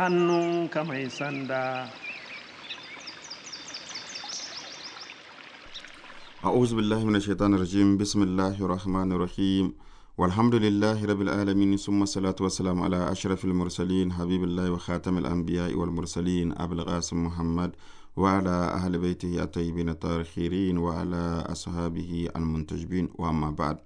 hannunka mai sanda أعوذ بالله من الشيطان الرجيم بسم الله الرحمن الرحيم والحمد لله رب العالمين ثم الصلاة والسلام على أشرف المرسلين حبيب الله وخاتم الأنبياء والمرسلين أبو القاسم محمد وعلى أهل بيته الطيبين الطاهرين وعلى أصحابه المنتجبين وأما بعد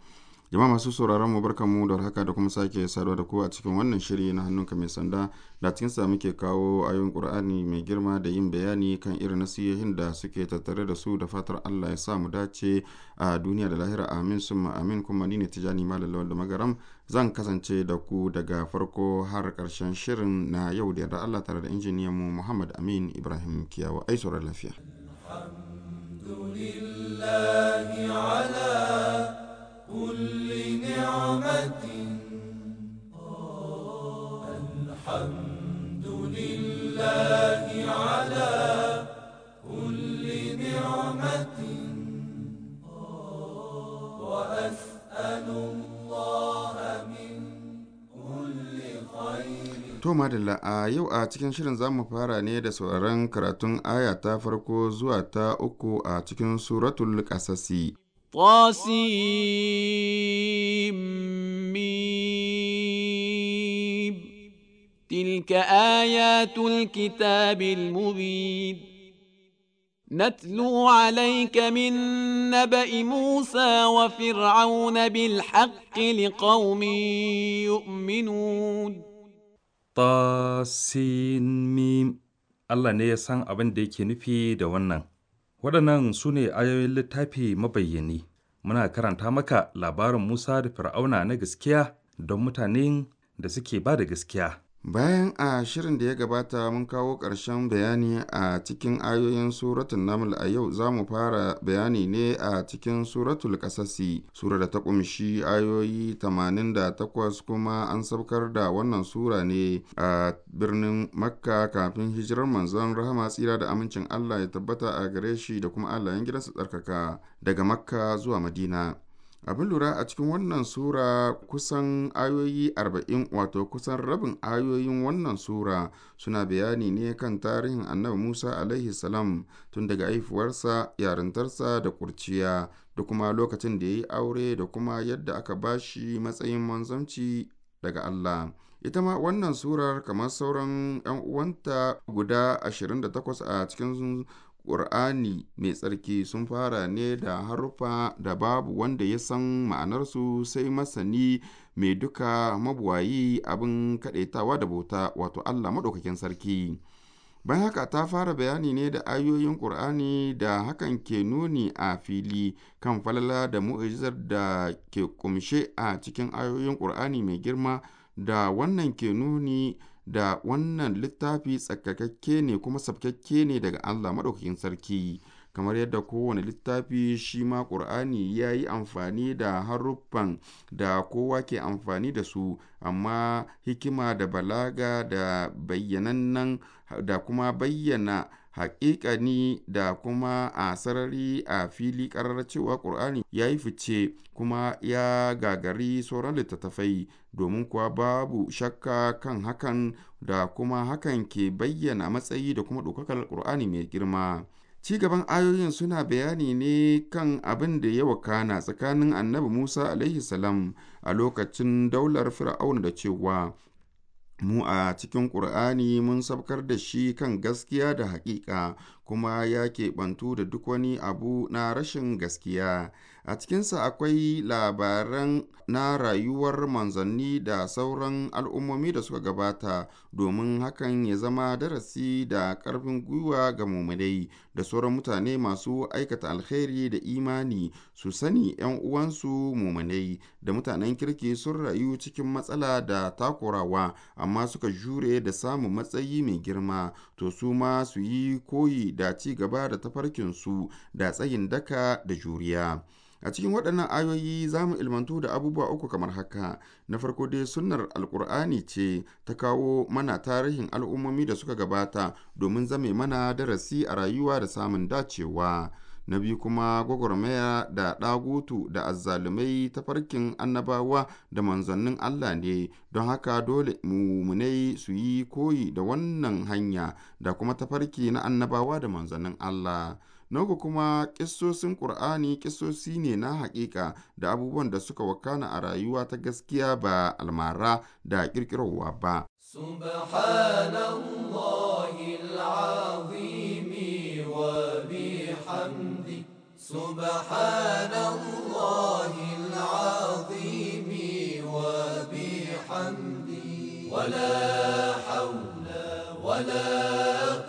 jama'a masu sauraron mu barka mu da haka da kuma sake saduwa da ku a cikin wannan shiri na hannunka mai sanda da cikin sa muke kawo ayoyin qur'ani mai girma da yin bayani kan irin nasihihin da suke tattare da su da fatar Allah ya sa mu dace a duniya da lahira amin summa amin kuma ni ne tijani malam da magaram zan kasance da ku daga farko har karshen shirin na yau da yarda Allah tare da injiniyan mu Muhammad Amin Ibrahim Kiyawa ai sauraron lafiya كل نعمة الحمد لله على كل نعمة وأسأل الله من كل خير To Madalla a yau a cikin shirin za mu fara ne da sauraron karatun ayata farko zuwa ta uku a cikin suratul kasasi طاسيم تلك آيات الكتاب المبين نتلو عليك من نبأ موسى وفرعون بالحق لقوم يؤمنون طاسين ميم الله نيسان أبن ديكي نفيد ونن Waɗannan su ne ayoyin littafi mabayyani, muna karanta maka labarin Musa da Fir'auna na gaskiya don mutanen da suke ba da gaskiya. Bayan a shirin da ya gabata mun kawo ƙarshen bayani a cikin ayoyin suratun Naml a yau za mu fara bayani ne a cikin suratul kasasi sura da ta kumshi ayoyi 88 kuma an sabkar da wannan sura ne a birnin Makka kafin hijirar manzon rahama tsira da amincin Allah ya tabbata a gare shi da kuma Allah gidansa tsarkaka daga Makka zuwa Madina. abin lura a cikin wannan sura kusan ayoyi arba'in wato kusan rabin ayoyin wannan sura suna bayani ne kan tarihin annabi musa alaihi salam tun daga haifuwarsa yarintarsa da kurciya da kuma lokacin da ya yi aure da kuma yadda aka ba shi matsayin manzanci daga allah ita ma wannan surar kamar sauran 'yan uwanta guda 28 a cikin Ƙur'ani mai tsarki sun fara ne da haruffa da babu wanda ya san ma'anarsu sai masani mai duka mabuwayi abin kaɗaitawa da bauta wato Allah maɗaukakin sarki. Bayan haka ta fara bayani ne da ayoyin Ƙur'ani da hakan ke nuni a fili kan falala da mu'ujizar da ke kumshe a cikin ayoyin Ƙur'ani mai girma da wannan ke nuni da wannan littafi tsakakakke ne kuma sabkakke ne daga Allah maɗaukakin sarki kamar yadda kowane littafi shi ma ƙur'ani ya yi amfani da haruffan da kowa ke amfani da su amma hikima da balaga da bayyanannan da kuma bayyana haƙiƙani da kuma a sarari a fili ƙarar cewa Ƙur'ani ya yi fice kuma ya gagari sauran littattafai domin kuwa babu shakka kan hakan da kuma hakan ke bayyana matsayi da kuma ɗaukakar Ƙur'ani mai girma. Ci gaban ayoyin suna bayani ne kan abin da ya wakana tsakanin annabi Musa alaihi a lokacin daular fir'aun da cewa mu a cikin Ƙur'ani mun sabkar da shi kan gaskiya da haƙiƙa kuma ya keɓantu da duk wani abu na rashin gaskiya a cikinsa akwai labaran na rayuwar manzanni da sauran al'ummomi da suka gabata domin hakan ya zama darasi da karfin gwiwa ga mumunai da sauran mutane masu aikata alheri da imani su sani 'yan uwansu mumunai da mutanen kirki sun rayu cikin matsala da takurawa amma suka jure da samun matsayi mai girma to su ma su yi koyi da ci gaba da tafarkinsu da tsayin daka da juriya. a cikin waɗannan ayoyi za mu ilmantu da abubuwa uku kamar haka na farko dai sunnar alkur'ani ce ta kawo mana tarihin al'ummomi da suka gabata domin zame mana darasi a rayuwa da samun dacewa na biyu kuma gwagwarmaya da ɗagutu da azzalumai ta farkin annabawa da manzannin Allah ne don haka dole mumunai su yi koyi da wannan hanya da kuma ta farki na annabawa da manzannin Allah. Nogu kuma kisosin Ƙur'ani kisosi ne na haƙiƙa da abubuwan da suka wakana a rayuwa ta gaskiya ba almara da ƙirƙirowa ba. Subhanallahi سبحان الله العظيم وبحمده ولا حول ولا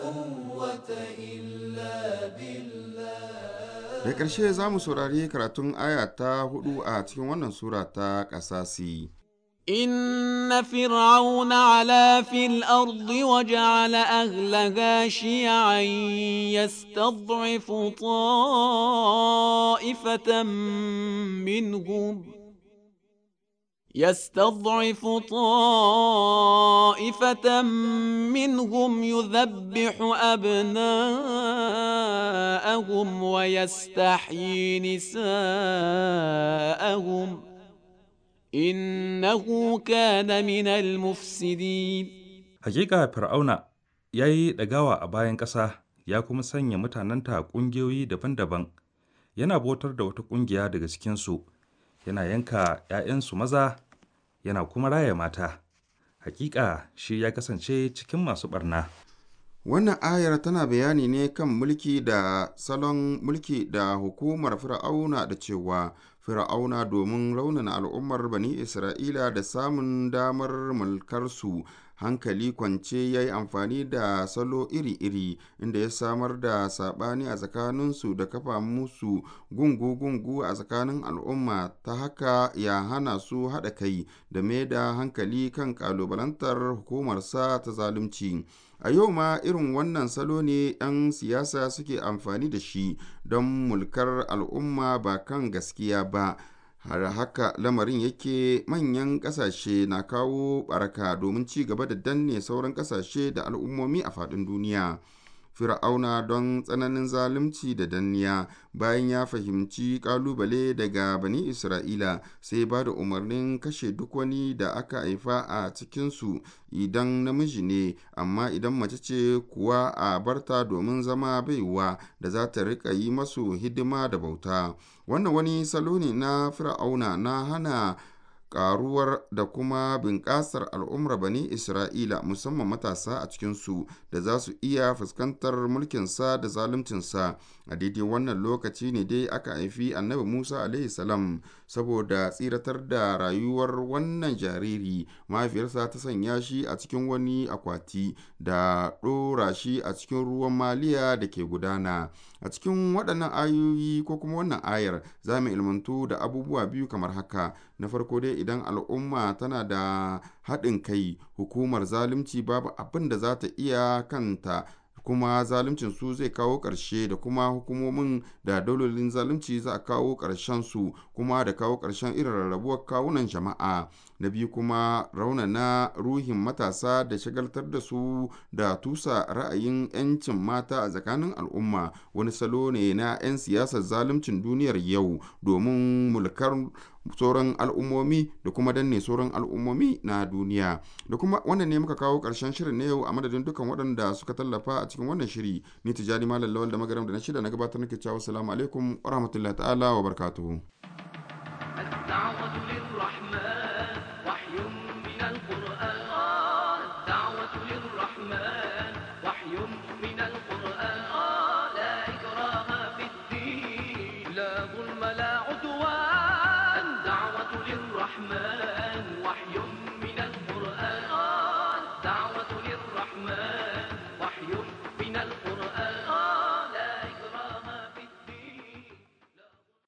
قوة إلا بالله da ƙarshe za mu saurari karatun aya ta hudu a cikin wannan sura ta ƙasasi إن فرعون علا في الأرض وجعل أهلها شيعا يستضعف طائفة منهم يستضعف طائفة منهم يذبح أبناءهم ويستحيي نساءهم ۖ إنه كان من المفسدين حقيقة yayi ɗagawa a bayan ƙasa ya kuma sanya mutanenta ƙungiyoyi daban-daban yana botar da wata ƙungiya daga cikinsu yana yanka ‘ya'yansu maza yana kuma raya mata hakika shi ya kasance cikin masu ɓarna. wannan ayar tana bayani ne kan mulki da salon mulki da hukumar fir'auna da cewa fir'auna domin launin al'ummar bani isra'ila da samun damar mulkarsu hankali kwance ya yi amfani da salo iri-iri inda ya samar da sabani a tsakaninsu da kafa musu gungu-gungu a tsakanin al'umma ta haka ya hana su haɗa kai da mai da hankali kan ƙalubalantar hukumarsa ta zalunci a yau ma irin wannan salo ne 'yan siyasa suke amfani da shi don mulkar al'umma ba kan gaskiya ba har haka lamarin yake manyan kasashe na kawo baraka domin ci gaba da danne sauran kasashe da al'ummomi a faɗin duniya Fir'auna don tsananin zalunci da danniya bayan ya fahimci ƙalubale daga Bani Isra'ila sai ba da umarnin kashe duk wani da aka haifa a cikinsu idan namiji ne, amma idan mace ce kuwa a barta domin zama baiwa da za ta riƙa yi masu hidima da bauta. Wannan wani salo ne na Fir'auna na hana ƙaruwar da kuma bunƙasar al'ummar bani Isra'ila musamman matasa a cikinsu da za su iya fuskantar mulkinsa da zaluncinsa a daidai wannan lokaci ne dai aka haifi annabi Musa alaihi salam saboda tsiratar da rayuwar wannan jariri mahaifiyarsa ta sanya shi a cikin wani akwati da ɗora shi a cikin ruwan maliya da ke gudana A cikin waɗannan ayoyi ko kuma wannan ayar za mu ilmantu da abubuwa biyu kamar haka. Na farko dai idan al'umma tana da haɗin kai hukumar zalunci babu abin da za ta iya kanta kuma zaluncin su zai kawo ƙarshe da kuma hukumomin da dalolin zalunci za a kawo ƙarshen su kuma da kawo ƙarshen irin rarrabuwar kawunan jama'a na biyu kuma raunana ruhin matasa da shagaltar da su da tusa ra'ayin 'yancin mata a tsakanin al'umma wani salo ne na 'yan siyasar zaluncin duniyar yau domin mulkar sauran al'ummomi da kuma danne sauran al'ummomi na duniya da kuma wannan ne muka kawo karshen shirin na yau a madadin dukkan waɗanda suka tallafa a cikin wannan shiri ni tijani malam lawal da magaram da na shida na gabatar nake cewa assalamu alaikum wa rahmatullahi ta'ala wa barakatuhu